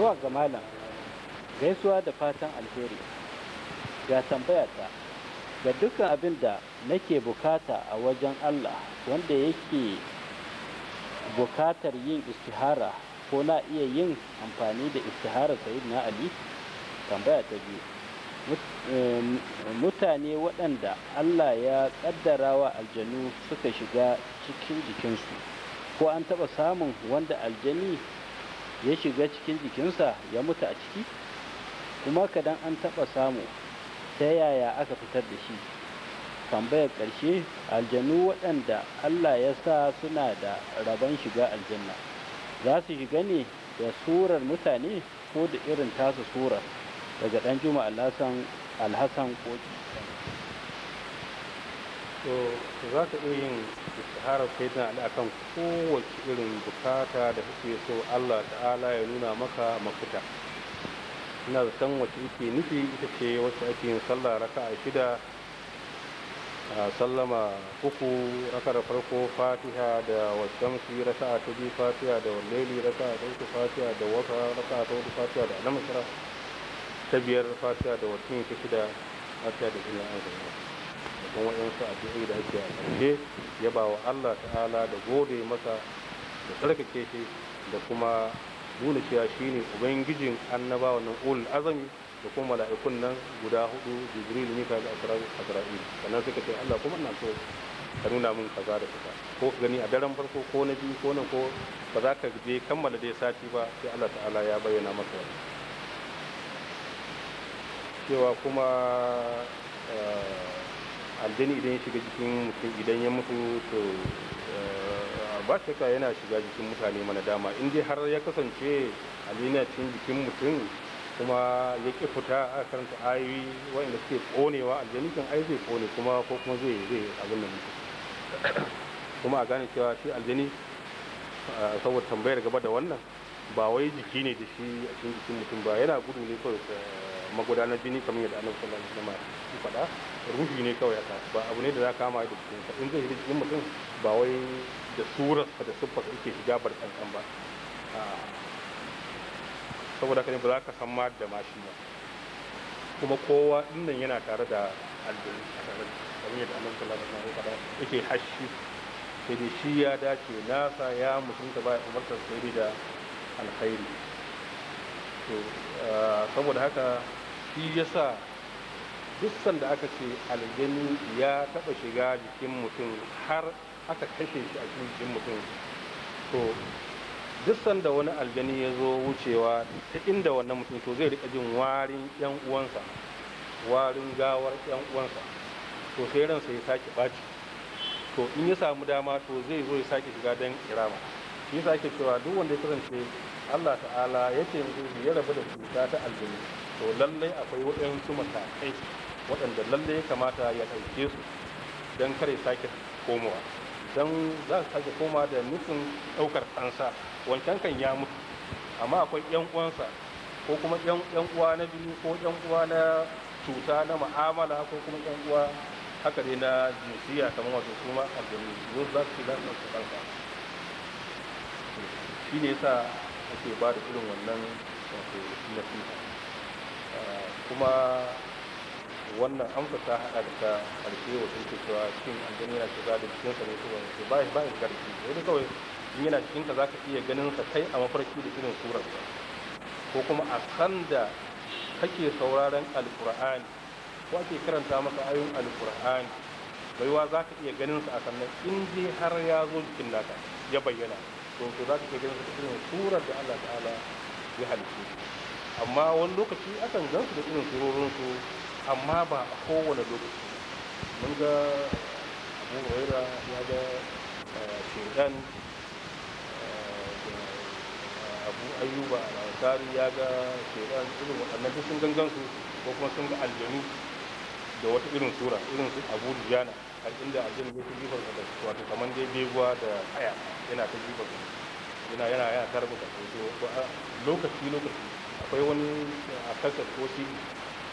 zuwa ga malam gaisuwa da fatan alheri ga tambayata ga dukkan abin da nake bukata a wajen Allah wanda yake bukatar yin istihara ko na iya yin amfani da istihara na Ali tambaya ta biyu eh, mutane waɗanda Allah ya ƙaddarawa aljanu suka shiga cikin jikinsu ko an taɓa samun wanda aljani ya shiga cikin jikinsa ya mutu a ciki kuma kadan an taɓa samu ta yaya aka fitar da shi tambayar ƙarshe aljanu waɗanda allah ya sa suna da rabon shiga aljanna za su shiga ne da surar mutane ko da irin tasa surar daga ɗan juma alhassan alhassan to za ka iya yin sai sayyidina a kan kowace irin bukata da kake so Allah ta'ala ya nuna maka mafita ina da san wace ike nufi ita ce wacce ake yin sallah raka'a shida sallama uku raka da farko fatiha da shi raka'a ta biyu fatiha da walleli raka ta uku fatiha da wata raka ta uku fatiha da alamasara ta biyar fatiha da wasu ta shida fatiha da jini an cikin waɗansu cikin da ake a ƙarshe ya ba wa Allah ta'ala da gode masa da tsarkake shi da kuma nuna cewa ne ubangijin annabawa nan ulul azami da kuma mala'ikun nan guda hudu jibril mika da azra'il sannan suka ce Allah kuma na so ka nuna min kaza da kaza ko ka gani a daren farko ko na biyu ko na ko ba za ka je kammala dai sati ba sai Allah ta'ala ya bayyana maka wani cewa kuma eh, aljani idan ya shiga jikin mutum idan ya mutu to eh, ba shakka yana shiga jikin mutane mana dama in dai har ya kasance aljani na cikin jikin mutum kuma ya ki fita a karanta ayoyi waɗanda suke ƙonewa aljani kan ai zai ƙone kuma ko kuma zai zai abin da mutum kuma a gane cewa shi aljani eh, saboda tambayar gaba da wannan ba wai jiki ne da shi a cikin jikin mutum ba yana gudu ne kawai eh, magudanar jini kamar yadda annabi sallallahu alaihi wasallam ya faɗa ruhi ne kawai haka ba abu ne da za kama da jikin ka in zai shiga jikin mutum ba wai da surar da siffar yake shiga barkankan ba saboda haka ne ba za ka san ma da mashi ba kuma kowa dinnan yana tare da aljanu a tare da kamar yadda annabi sallallahu alaihi wasallam ya faɗa yake hashi sai dai shi ya dace nasa ya mutunta ba ya umarta sai da alkhairi saboda haka shi yasa duk sanda aka ce aljani ya taba shiga jikin mutum har aka kashe shi a cikin jikin mutum to duk sanda wani aljani ya zo wucewa ta inda wannan mutum to zai rika jin warin yan uwansa warin gawar yan uwansa to sai ransa ya sake baci to in ya samu dama to zai zo ya sake shiga dan kirama shi yasa ake cewa duk wanda ya kasance Allah ta'ala ya ce ya rabu da cuta ta aljani to lallai akwai waɗansu matakai waɗanda lallai ya kamata ya ɗauke su don kare sake komowa don za su sake koma da nufin ɗaukar ɗansa wancan kan ya mutu amma akwai yan uwansa ko kuma yan uwa na biyu ko yan uwa na cuta na ma'amala ko kuma yan uwa haka dai na jinsiya kamar wato su ma aljanu yau za su za su ɗauka shi ne yasa ake ba da irin wannan wato nasiha Eh, kuma wannan amsa ta hada da ta karfe wa sun cewa cikin aljani yana shiga da cikin sa ne su wani ba ba ya karfi wani kawai in yana cikin ka zaka iya ganin sa kai a mafarki da irin surar ko kuma a san da kake sauraron alkur'ani ko ake karanta maka ayoyin alkur'ani baiwa za ka iya ganin sa a sannan in dai har ya zo jikin naka ya bayyana to za ka iya ganin sa da irin surar da Allah ta'ala ya halitta amma wani lokaci akan gansu da irin surorinsu amma ba a kowane lokaci mun ga abu waira ya ga eh, shaidan eh, abu ayyuba al'ansari ya ga shaidan irin waɗannan sun sun su ko kuma sun ga aljanu da wata irin sura irin su abu dujana har inda aljanu ya fi jifar da wato kamar dai beguwa da haya yana ta jifar yana yana yana tarbuka to lokaci lokaci akwai wani a kasar ko cd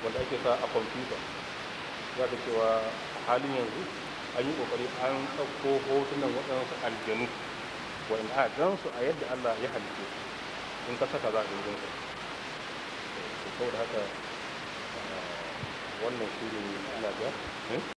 wanda ake sa a kwamfuta za ka cewa halin yanzu an yi kokari an ɗauko hotunan waɗansu aljanu waɗanda a gan su a yadda allah ya halitta in ka saka za a ɗin ko da haka eh, wannan shirin ana ga hmm?